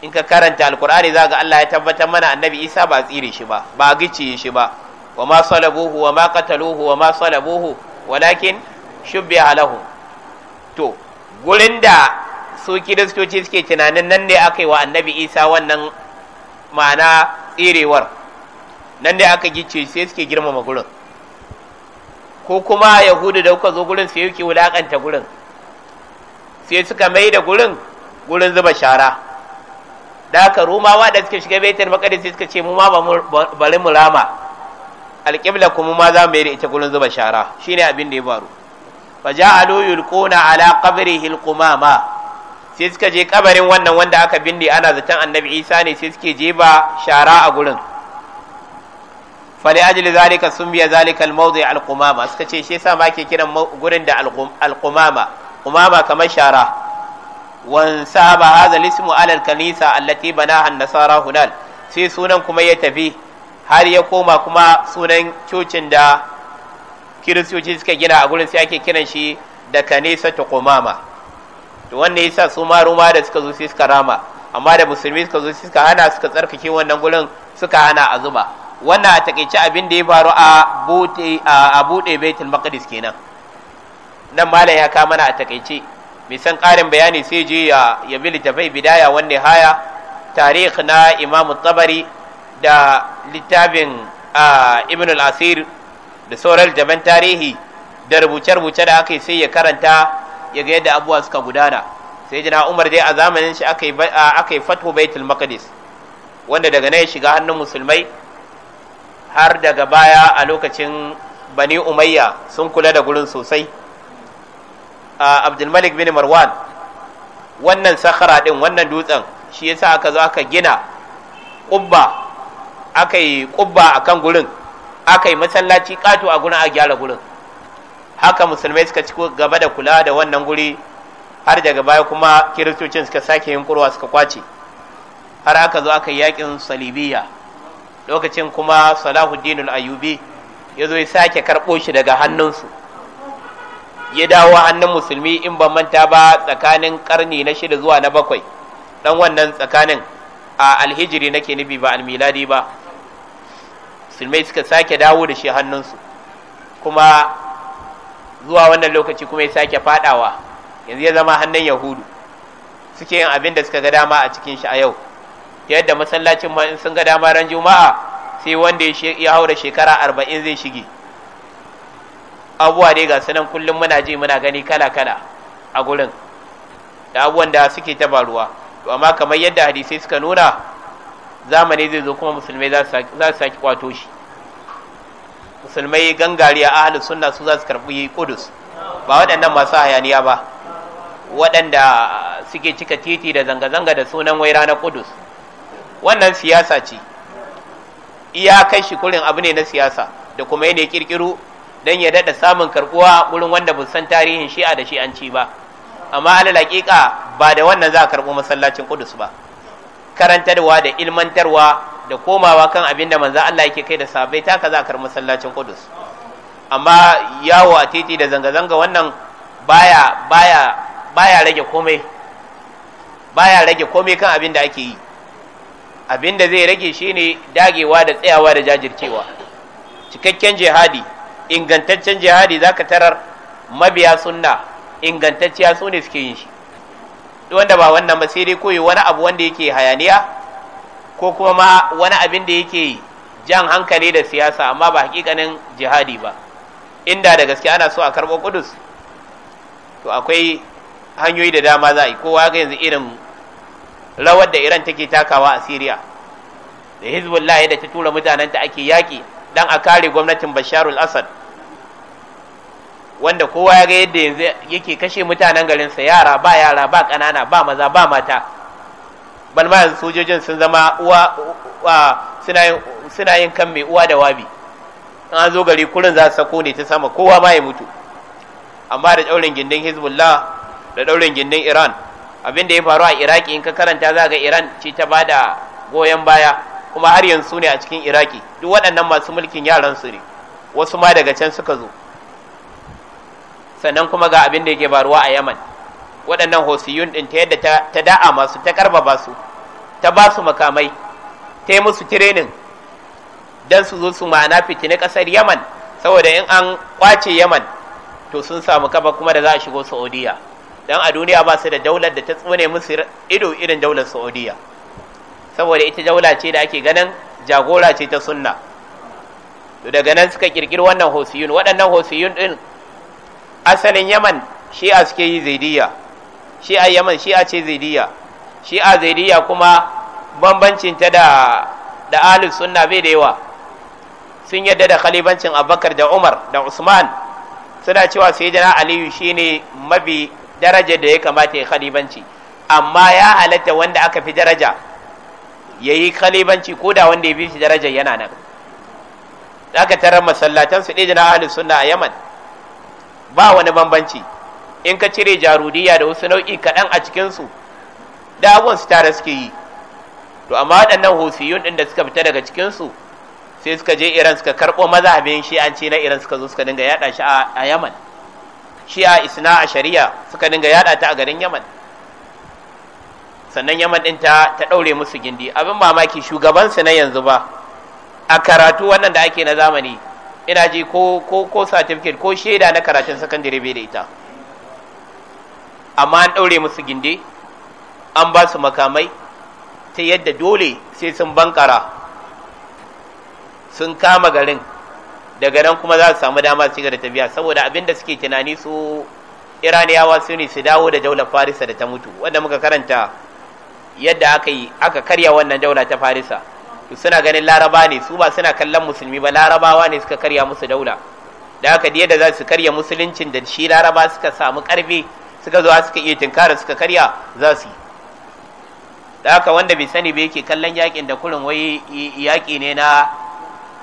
in ka karanta alkur'ani za ga allah ya tabbatar mana annabi isa ba tsire shi ba ba gice shi ba wa ma وما wa ma صلبوه wa ma salabuhu تو shubbiha lahu to gurin da تنانن kiristoci suke tunanin nan ne aka yi wa annabi isa wannan ma'ana tsirewar nan ne aka gice sai suke girmama gurin ko kuma yahudu da kuka zo gurin sai yake wulakanta gurin sai suka mai da gurin gurin zuba shara da aka rumawa da suka shiga baitar makadis sai suka ce mu ma bari mu rama alƙibla kuma ma za mu yi ita gurin zuba shara ne abin da ya faru fa ja'alu yulquna ala qabrihi alqumama sai suka je kabarin wannan wanda aka binne ana zaton annabi Isa ne sai suke jeba shara a gurin fa li ajli zalika summiya zalika almawdi alqumama suka ce shi yasa ma ke kiran gurin da alqumama qumama kamar shara wansaba hadha alismu ala alkanisa allati banaha an-nasara hunal sai sunan kuma ya tafi har ya koma kuma sunan cocin da kiristoci suka gina a gurin sai ake kiran shi da kanisa ta kumama to wannan yasa su ma roma da suka zo sai suka rama amma da musulmi suka zo sai suka hana suka tsarkake wannan gurin suka hana a zuba wannan a takaice abin da ya faru a bude a bude baitul maqdis kenan nan malam ya ka mana a takaice mai san karin bayani sai je ya ya bi littafai bidaya wanne haya tarikh na imamu tabari da littafin ibn al-asir da sauran jaban tarihi da rubuce-rubuce da aka yi sai ya karanta ya ga yadda abuwa suka gudana sai jina umar dai a zamanin shi aka yi fatho baitul maqdis wanda daga nan ya shiga hannun musulmai har daga baya a lokacin bani umayya sun kula da gurin sosai A abdulmalik bin marwan wannan sakara din wannan dutsen shi yasa aka zo aka gina ƙubba aka yi kubba a kan gurin aka yi masallaci ƙato a gurin a gyara gurin haka musulmai suka ci gaba da kula da wannan guri har daga baya kuma kiristocin suka sake yin kurwa suka kwace har aka zo aka yi yakin salibiya lokacin kuma salahuddin al-ayubi ya zo ya sake karɓo shi daga hannunsu ya dawo hannun musulmi in ban manta ba tsakanin karni na shida zuwa na bakwai dan wannan tsakanin a alhijiri nake nufi ba almiladi ba musulmai suka sake dawo da shi hannunsu kuma zuwa wannan lokaci kuma ya sake fadawa yanzu ya zama hannun yahudu suke yin abin da suka ga dama a cikin shi a yau yadda masallacin ma in sun ga dama ran juma'a sai wanda ya haura shekara arba'in zai shige abubuwa dai ga sunan kullum muna ji muna gani kala kala a gurin da abubuwan da suke ta baruwa to amma kamar yadda hadisai suka nuna zamani zai zo kuma musulmai za su saki kwato shi musulmai gangari a sunna su za su karbi kudus ba waɗannan masu hayaniya ba waɗanda suke cika titi da zanga-zanga da sunan wai Rana kudus wannan siyasa ce iya kai shi kurin abu ne na siyasa da kuma yana kirkiro don ya daɗa samun karɓuwa wurin wanda ba san tarihin shi'a da shi'anci ba amma alal hakika ba da wannan za a karɓo masallacin kudus ba karantarwa da ilmantarwa da komawa kan abin da manzo Allah yake kai da sahabbai ta kaza kar masallacin Qudus amma yawo a titi da zanga zanga wannan baya baya baya rage komai baya rage komai kan abin da ake yi abin da zai rage shine dagewa da tsayawa da jajircewa cikakken jihadi ingantaccen jihadi zaka tarar mabiya sunna ingantacciya su ne suke yin shi wanda ba wannan ba sai dai koyi wani abu wanda yake hayaniya ko kuma ma wani abin da yake jan hankali da siyasa amma ba hakikanin jihadi ba inda da gaske ana so a karɓo kudus to akwai hanyoyi da dama za a yi kowa ga yanzu irin rawar da iran take takawa a Siriya. da hezbollah da ta tura mutanenta ake yaƙi dan a kare gwamnatin bashar al-assad wanda kowa ya ga yadda yanzu yake kashe mutanen garinsa yara ba yara ba ƙanana ba maza ba mata ban yanzu sojojin sun zama uwa suna yin kan mai uwa da wabi an zo gari kurin za su sako ne ta sama kowa ma ya mutu amma da ɗaurin gindin hezbollah da ɗaurin gindin iran abin da ya faru a iraki in ka karanta za ga iran ce ta ba da goyon baya kuma har yanzu ne a cikin iraki duk waɗannan masu mulkin yaran su ne wasu ma daga can suka zo sannan kuma ga abin da yake baruwa a yaman waɗannan hosiyun ɗin ta yadda ta da'a masu ta karba su ta basu makamai ta yi musu tirenin don su zo su ma'ana fitini ƙasar yaman saboda in an ƙwace yaman to sun samu kaba kuma da za a shigo saudiya don a duniya ba su da daular da ta tsone musu ido irin daular saudiya saboda ita daula ce da ake ganin jagora ce ta sunna to daga nan suka kirkiri wannan hosiyun waɗannan hosiyun ɗin asalin yaman shi a suke yi zaidiyya a yaman shi a ce zaidiyya a zaidiyya kuma bambancin ta da da bai da yawa sun yadda da khalibancin abubakar da umar da usman suna cewa sai jana aliyu shine mafi daraja da ya kamata ya khalibanci. amma ya halatta wanda aka fi daraja ya yi khalibanci ko da wanda ya fi shi daraja yana nan aka tarar masallatan su ɗaya na sunna a yaman ba wani bambanci in ka cire jarudiya da wasu nau'i kaɗan a cikinsu da abubuwan su tare suke yi to amma waɗannan hosiyun ɗin da suka fita daga cikinsu sai suka je iran suka karɓo mazhabin ce na iran suka zo suka dinga yaɗa shi a yaman shi a isna a shari'a suka dinga yaɗa ta a garin yaman sannan yaman ɗin ta ta ɗaure musu gindi abin mamaki shugabansu na yanzu ba a karatu wannan da ake na zamani ina ji ko ko ko certificate ko shaida na karatun sakandare bai da ita amma an ɗaure musu ginde an ba su makamai ta yadda dole sai sun bankara sun kama garin daga nan kuma za su samu dama su da tafiya saboda abin da suke tunani su iraniyawa su ne su dawo da daular farisa da ta mutu wanda muka karanta yadda aka yi aka karya wannan daula ta farisa to suna ganin laraba ne su ba suna kallon musulmi ba larabawa ne suka karya musu daula da haka da za su karya musuluncin da shi laraba suka samu karfi suka zo suka iya tinkara suka karya za su yi da haka wanda bai sani ba yake kallon yakin da kurin wai yaki ne na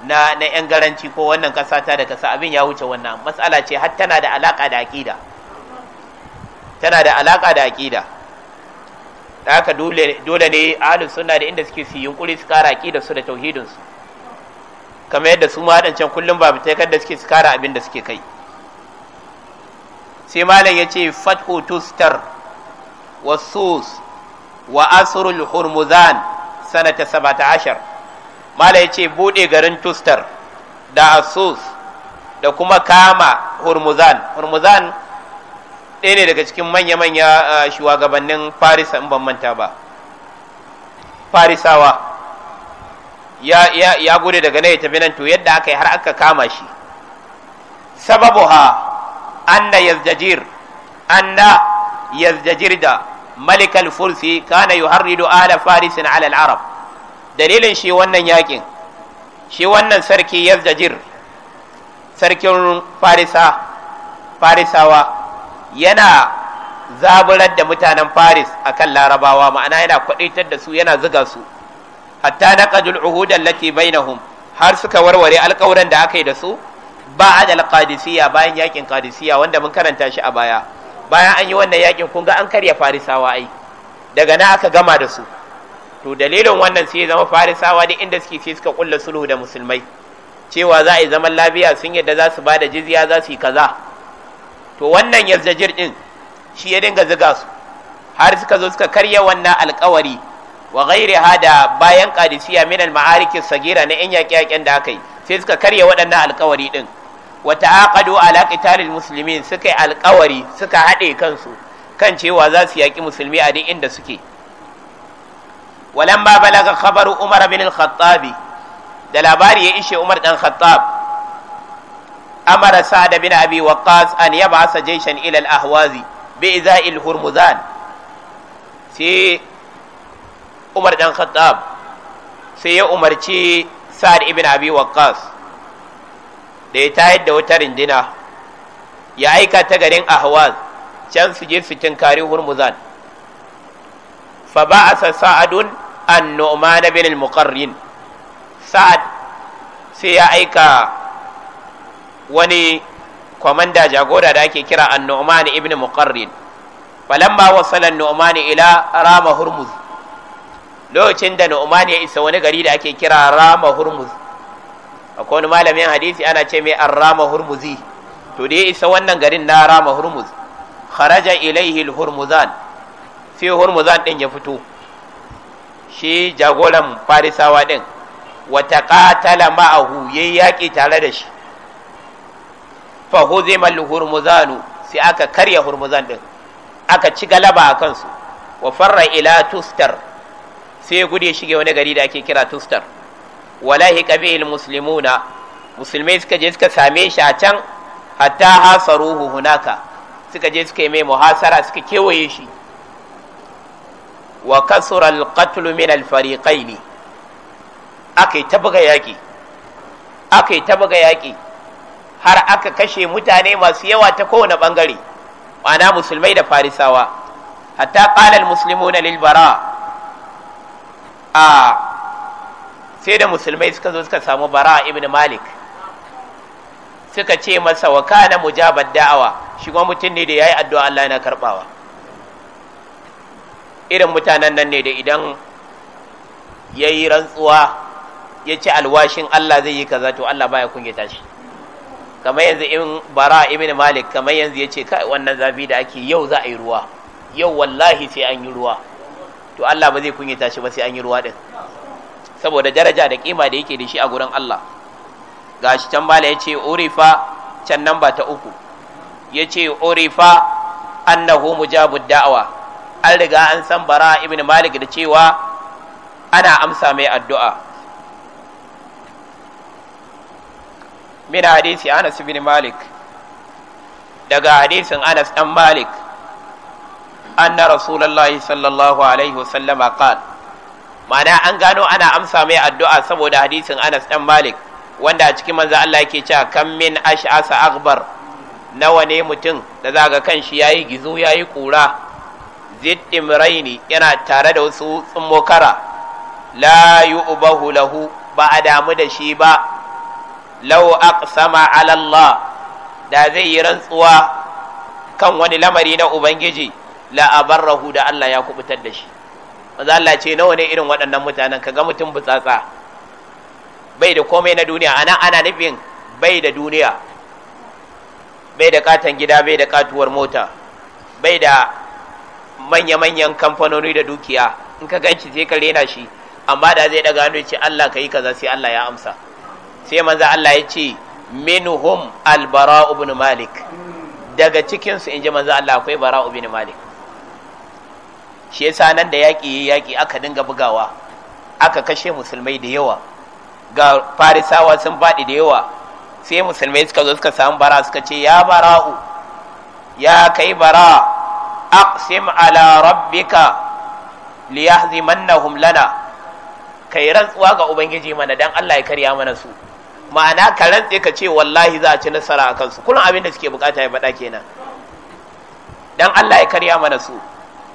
na na yan garanci ko wannan kasa ta da kasa abin ya wuce wannan matsala ce har tana da alaka da aqida tana da alaka da aqida da haka dole ne ahlus suna da inda suke su kuri su kara da su da tauhidin su kamar yadda su ma wadancan kullum ba fitai da suke su kara abin da suke kai sai malam ya ce fathu tustar wa sus wa asrul hurmuzan sanata ashar, malam ya ce bude garin tustar da asus da kuma kama hurmuzan hurmuzan ɗaya ne daga cikin manya-manya shugabannin farisa in ban manta ba farisawa ya ya ya gode daga nan ya tafi nan to yadda aka yi har aka kama shi ha anna yazdajir anna yazdajir da malik al-fursi kana yuharridu ala faris ala al-arab dalilin shi wannan yakin shi wannan sarki yazdajir sarkin farisa farisawa yana zaburar da mutanen Faris a kan Larabawa ma'ana yana kwaɗitar da su yana ziga su hatta na latti bai na bainahum har suka warware alƙawuran da aka yi da su ba adal qadisiyya bayan yakin qadisiyya wanda mun karanta shi a baya bayan an yi wannan yakin kun ga an karya farisawa ai daga na aka gama da su to dalilin wannan sai zama farisawa duk inda suke sai suka kulla sulhu da musulmai cewa za a yi zaman lafiya sun yadda za su ba da jizya za su yi kaza to wannan yazzajir din shi ya dinga ziga su har suka zo suka karya wannan alkawari wa ghairi da bayan qadisiya min al-ma'ariki sagira na yan yaƙe yaken da aka yi sai suka karya waɗannan alkawari din wa ta'aqadu ala qitalil muslimin suka yi alkawari suka haɗe kansu kan cewa za su yaƙi musulmi a duk inda suke walamma balaga khabaru umar bin al-khattabi da labari ya ishe umar Ɗan khattab amara sa'ad bin abi waqqas an yab'asa jayshan ila al-ahwazi bi iza'il hurmuzan sai umar dan khattab sai ya umarci sa'ad Ibin abi waqqas da ya tayar da wutar rindina ya aika ta garin ahwaz can su je su tinkari hurmuzan fa ba'asa sa'adun an nu'man bin al-muqarrin sa'ad sai ya aika wani kwamanda jagora da ake kira annu'man ibn muqarrin falamma wasala annu'man ila rama hurmuz lokacin da nu'man ya isa wani gari da ake kira rama hurmuz akwai wani malamin hadisi ana ce mai an rama hurmuzi to da ya isa wannan garin na rama hurmuz kharaja ilaihi hurmuzan sai hurmuzan din ya fito shi jagoran farisawa din wata katala ma'ahu yayi yaƙi tare da shi fa huzimal hurmuzanu sai aka karya hurmuzan din aka ci galaba a kansu wa farra ila tustar sai gude shige wani gari da ake kira tustar walahi qabil muslimuna musulmai suka je suka same shi a can hatta hasaruhu hunaka suka je suka yi mai muhasara suka kewaye shi wa kasura alqatl min alfariqaini akai ta yaki akai ta buga yaki har aka kashe mutane masu yawa ta kowane bangare ma'ana musulmai da farisawa hatta qalal muslimuna lil bara a sai da musulmai suka zo suka samu bara ibn malik suka ce masa wa kana mujabar da'awa shi kuma mutum ne da yayi addu'a Allah yana karbawa irin mutanen nan ne da idan yayi rantsuwa ya ci alwashin Allah zai yi kaza to Allah baya kunyata shi kamar yanzu in bara ibn malik kamar yanzu ya ce kai wannan zafi da ake yau za a yi ruwa yau wallahi sai an yi ruwa to Allah ba zai kunyata shi ba sai an yi ruwa din saboda daraja da kima da yake da shi a gurin Allah gashi can bala ya ce urifa can namba ta uku ya ce urifa annahu mujabud dawa an riga an san bara ibn malik da cewa ana amsa mai addu'a min hadisi Anas bin Malik daga hadisin Anas dan Malik anna rasulullahi sallallahu alaihi wasallama qal mana an gano ana amsa mai addu'a saboda hadisin Anas dan Malik wanda a cikin manzo Allah yake cewa kam min ash'asa akbar nawa ne mutum da zaga kan shi yayi gizo yayi kura zid raini yana tare da wasu tsummokara la yu'bahu lahu ba a damu da shi ba law aqsama ala Allah da zai yi rantsuwa kan wani lamari na ubangiji la abarrahu da Allah ya kubutar da shi maza Allah ce nawa ne irin waɗannan mutanen kaga mutum butsatsa bai da komai na duniya anan ana nufin bai da duniya bai da katon gida bai da katuwar mota bai da manya-manyan kamfanoni da dukiya in ka ganci sai ka rena shi amma da zai daga hannu ce Allah ka yi kaza sai Allah ya amsa sai manzo Allah ya ce minhum al-bara ibn malik daga cikin su inji manzo Allah akwai bara ibn malik shi yasa nan da yaki yaki aka dinga bugawa aka kashe musulmai da yawa ga farisawa sun faɗi da yawa sai musulmai suka zo suka samu bara suka ce ya bara'u ya kai bara aqsim ala rabbika liyahzimannahum lana kai rantsuwa ga ubangiji mana dan Allah ya karya mana su ma'ana ka rantse ka ce wallahi za a ci nasara a kansu kullum abin da suke bukata ya faɗa kenan dan Allah ya karya mana su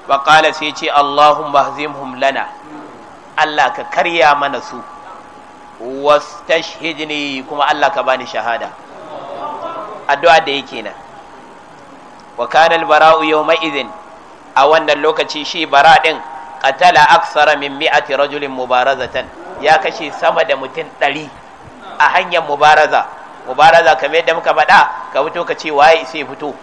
wa qala sai ce Allahumma hazimhum lana Allah ka karya mana su wastashhidni kuma Allah ka bani shahada addu'a da yake nan wa kana al-bara'u yawma idhin a wannan lokaci shi bara din qatala aksara min mi'ati rajulin mubarazatan ya kashe sama da mutum ɗari a hanyar mubaraza mubaraza kamar yadda muka faɗa ka fito ka ce waye sai fito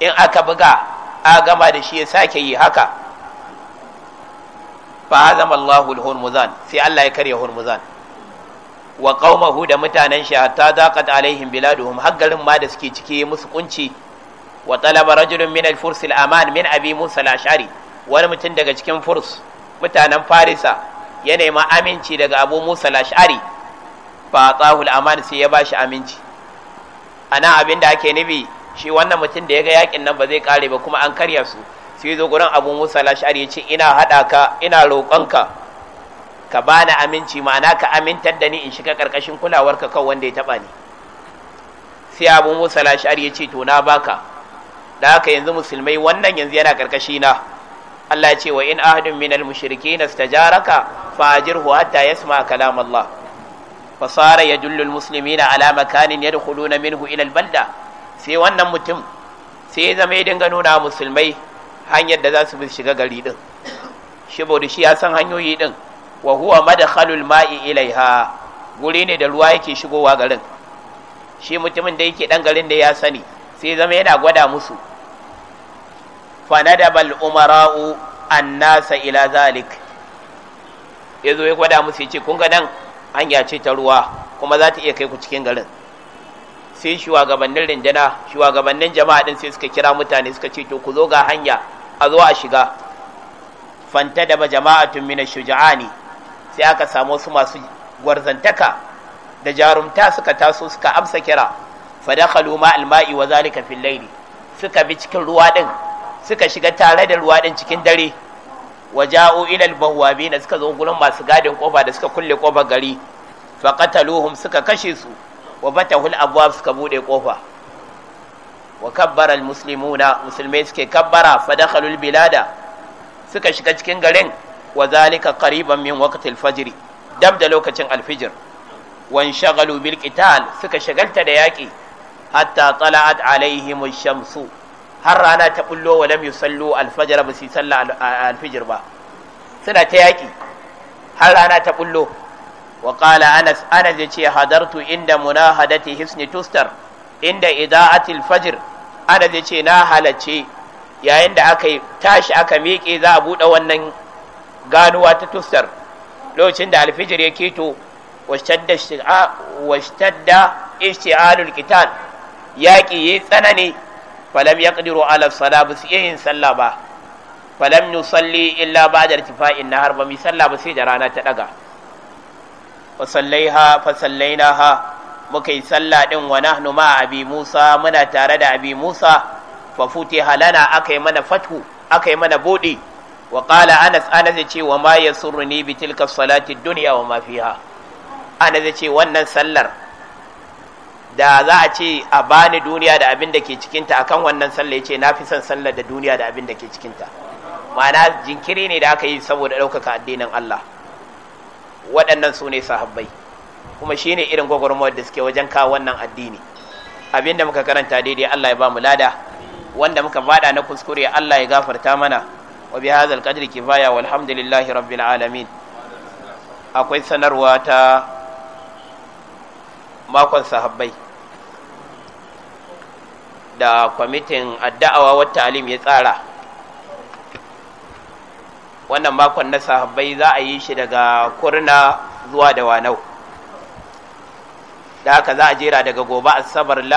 in aka buga a gama da shi ya sake yi haka fa hazama Allahu al-hurmuzan sai Allah ya karya hurmuzan wa qaumahu da mutanen shi hatta zaqat alaihim biladuhum haggarin ma da suke cike musu kunci wa talaba rajulun min al-furs al-aman min abi musa al-ash'ari wani mutum daga cikin furs mutanen farisa ya nema aminci daga abu musa al-ash'ari fa tsahul aman sai ya bashi aminci ana abin da ake nufi shi wannan mutum da ya ga yakin nan ba zai kare ba kuma an karya su sai zo gurin abu musa lashari ya ce ina haɗa ka ina roƙonka ka bani aminci ma'ana ka amintar da ni in shiga ƙarƙashin kulawarka kan wanda ya taɓa ni sai abu musa lashari ya ce to na baka da haka yanzu musulmai wannan yanzu yana ƙarƙashina? na Allah ya ce wa in ahadun minal mushrikeena istajaraka fa ajirhu hatta yasma kalam Allah fasara ya المسلمين musulmi na alama kanin ya البلده na minhu ilal balda sai wannan mutum sai ya zama ya dinga nuna musulmai hanyar da za su bi shiga gari din shi shi ya san hanyoyi din wa huwa madkhalul ma'i ilaiha guri ne da ruwa yake shigowa garin shi mutumin da yake dan garin da ya sani sai zama yana gwada musu fanadabal umara'u annasa ila zalik yazo ya gwada musu yace kun ga nan hanya ce ta ruwa kuma za ta iya kai ku cikin garin sai shugabannin rinjana shugabannin jama'a din sai suka kira mutane suka ce to ku zo ga hanya a zo a shiga fanta da tun mina shuja'a ne sai aka samu su masu gwarzantaka da jarumta suka taso suka amsa kira fadakhalu ma alma'i wa zalika fil suka bi cikin ruwa din suka shiga tare da ruwa din cikin dare waja'u ila al-bawwabin suka zo gurin masu gadin kofa da suka kulle kofar gari fa qataluhum suka kashe su wa fatahu al-abwab suka bude kofa wa kabbara al-muslimuna musulmai suke kabbara fa dakhalu al-bilada suka shiga cikin garin wa zalika qariban min waqti al-fajr dab da lokacin al-fajr wa inshagalu bil qital suka shagalta da yaki hatta tala'at alaihim ash-shamsu har rana ta bullo wa lam yusallu alfajr ba su salla alfijir ba suna ta yaki har rana ta bullo wa qala anas anas yace hadartu inda munahadati hisni tustar inda ida'atil fajr anas yace na halace yayin da aka tashi aka miƙe za a buɗe wannan ganuwa ta tustar lokacin da alfijir ya keto washtadda ishti'alul qital yaƙi yayi tsanani falam yaqdiru ala sala ba su yin sallah ba falam nusalli illa ba'da na nahar ba mi sallah ba sai da rana ta daga fa sallaiha fa sallainaha muka yi sallah din wa nahnu ma abi Musa muna tare da abi Musa fa halana lana akai mana fathu akai mana bude wa qala Anas Anas ce wa ma yasurruni bi tilka salati dunya wa ma fiha Anas ce wannan sallar da za a ce a bani duniya da abin da ke cikinta akan wannan sallah yace na fi son sallar da duniya da abin da ke cikinta ma'ana jinkiri ne da aka yi saboda ɗaukaka addinin Allah waɗannan su ne sahabbai kuma shi ne irin gwagwarmawar da suke wajen kawo wannan addini abin da muka karanta daidai Allah ya ba mu lada wanda muka faɗa na kuskure Allah ya gafarta mana wa bi hadzal qadri kifaya walhamdulillahi rabbil alamin akwai sanarwa ta makon sahabbai da kwamitin adda'awa wa talim ya tsara wannan makon na sahabbai za a yi shi daga kurna zuwa da wanau da haka za a jera daga gobe asabar